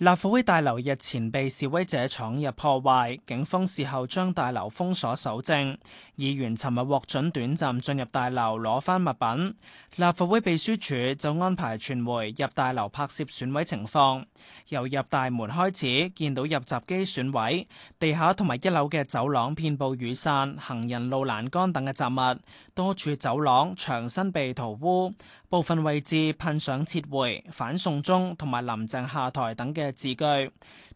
立法會大樓日前被示威者闖入破壞，警方事後將大樓封鎖搜證。議員尋日獲准短暫進入大樓攞翻物品，立法會秘書處就安排傳媒入大樓拍攝損毀情況。由入大門開始，見到入閘機損毀，地下同埋一樓嘅走廊遍佈雨傘、行人路欄杆等嘅雜物，多處走廊牆身被塗污。部分位置噴上撤回、反送中同埋林鄭下台等嘅字句。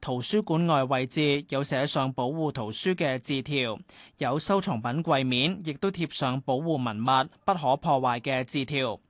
圖書館外位置有寫上保護圖書嘅字條，有收藏品櫃面亦都貼上保護文物不可破壞嘅字條。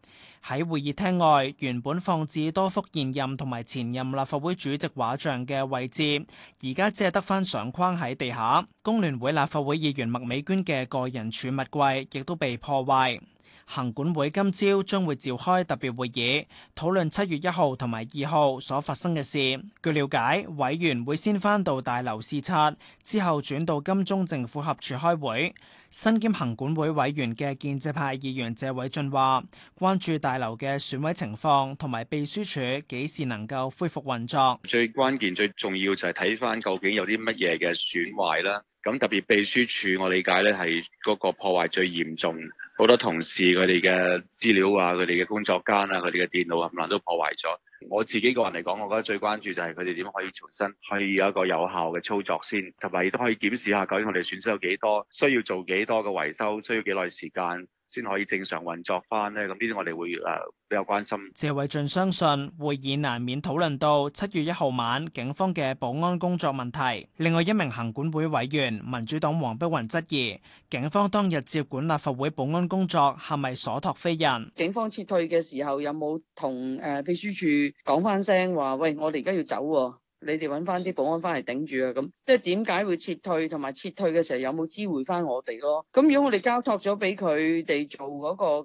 喺會議廳外原本放置多幅現任同埋前任立法會主席畫像嘅位置，而家只係得翻相框喺地下。工聯會立法會議員麥美娟嘅個人儲物櫃亦都被破壞。行管會今朝將會召開特別會議，討論七月一號同埋二號所發生嘅事。據了解，委員會先返到大樓視察，之後轉到金鐘政府合署開會。身兼行管會委員嘅建制派議員謝偉俊話，關注大樓嘅損毀情況同埋秘書處幾時能夠恢復運作。最關鍵最重要就係睇返究竟有啲乜嘢嘅損壞啦。咁特別秘書處，我理解呢係嗰個破壞最嚴重。好多同事佢哋嘅資料啊，佢哋嘅工作間啊，佢哋嘅電腦啊咁難都破壞咗。我自己個人嚟講，我覺得最關注就係佢哋點樣可以重新可以有一個有效嘅操作先，同埋亦都可以檢視下究竟我哋損失有幾多，需要做幾多嘅維修，需要幾耐時間。先可以正常運作翻咧，咁呢啲我哋會誒比較關心。謝偉俊相信會議難免討論到七月一號晚警方嘅保安工作問題。另外一名行管會委員民主黨黃碧雲質疑警方當日接管立法會保安工作係咪所託非人？警方撤退嘅時候有冇同誒秘書處講翻聲話，喂，我哋而家要走喎。你哋揾翻啲保安翻嚟頂住啊！咁即係點解會撤退，同埋撤退嘅時候有冇機會翻我哋咯？咁如果我哋交託咗俾佢哋做嗰個嘅誒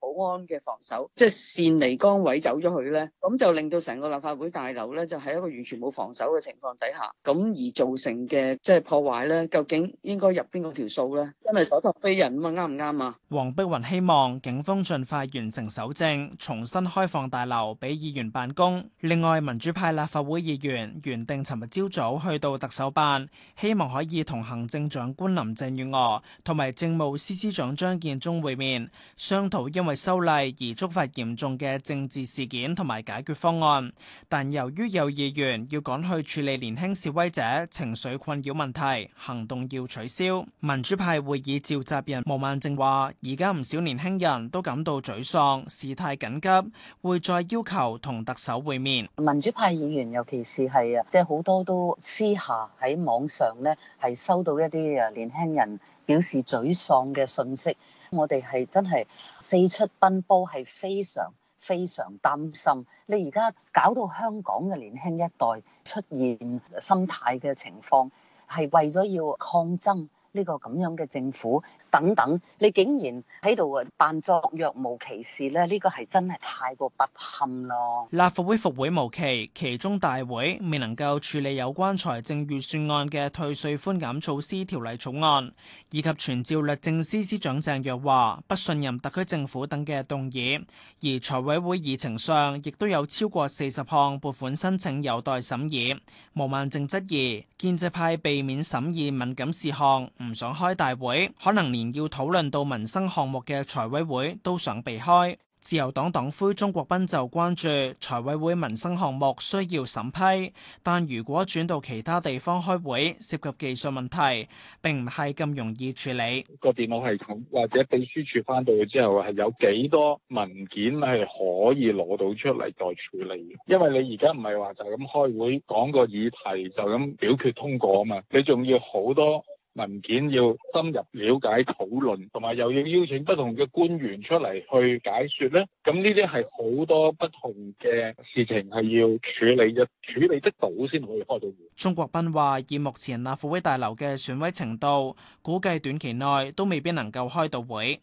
保安嘅防守，即係擅離崗位走咗去呢，咁就令到成個立法會大樓呢，就係一個完全冇防守嘅情況底下，咁而造成嘅即係破壞呢，究竟應該入邊個條數呢？真係所託非人啊，啱唔啱啊？黃碧雲希望警方盡快完成搜證，重新開放大樓俾議員辦公。另外，民主派立法會議員。原定尋日朝早去到特首辦，希望可以同行政長官林鄭月娥同埋政務司司長張建宗會面，商討因為修例而觸發嚴重嘅政治事件同埋解決方案。但由於有議員要趕去處理年輕示威者情緒困擾問題，行動要取消。民主派會議召集人毛孟靜話，而家唔少年輕人都感到沮喪，事態緊急，會再要求同特首會面。民主派議員尤其是。係啊，即係好多都私下喺網上咧，係收到一啲啊年輕人表示沮喪嘅信息。我哋係真係四出奔波，係非常非常擔心。你而家搞到香港嘅年輕一代出現心態嘅情況，係為咗要抗爭。呢個咁樣嘅政府等等，你竟然喺度扮作若無其事咧？呢、這個係真係太過不堪咯！立法會復會無期，其中大會未能夠處理有關財政預算案嘅退稅寬減措施條例草案，以及傳召律政司司長鄭若驊不信任特區政府等嘅動議。而財委會議程上亦都有超過四十項撥款申請有待審議。毛孟靜質疑建制派避免審議敏感事項。唔想開大會，可能連要討論到民生項目嘅財委會都想避開。自由黨黨魁鍾國斌就關注財委會民生項目需要審批，但如果轉到其他地方開會，涉及技術問題，並唔係咁容易處理。個電腦系統或者秘書處翻到去之後，係有幾多文件係可以攞到出嚟再處理？因為你而家唔係話就咁開會講個議題就咁表決通過啊嘛，你仲要好多。文件要深入了解、討論，同埋又要邀請不同嘅官員出嚟去解說咧，咁呢啲係好多不同嘅事情係要處理嘅，處理得到先可以開到會。鍾國斌話，以目前納富威大樓嘅損毀程度，估計短期內都未必能夠開到會。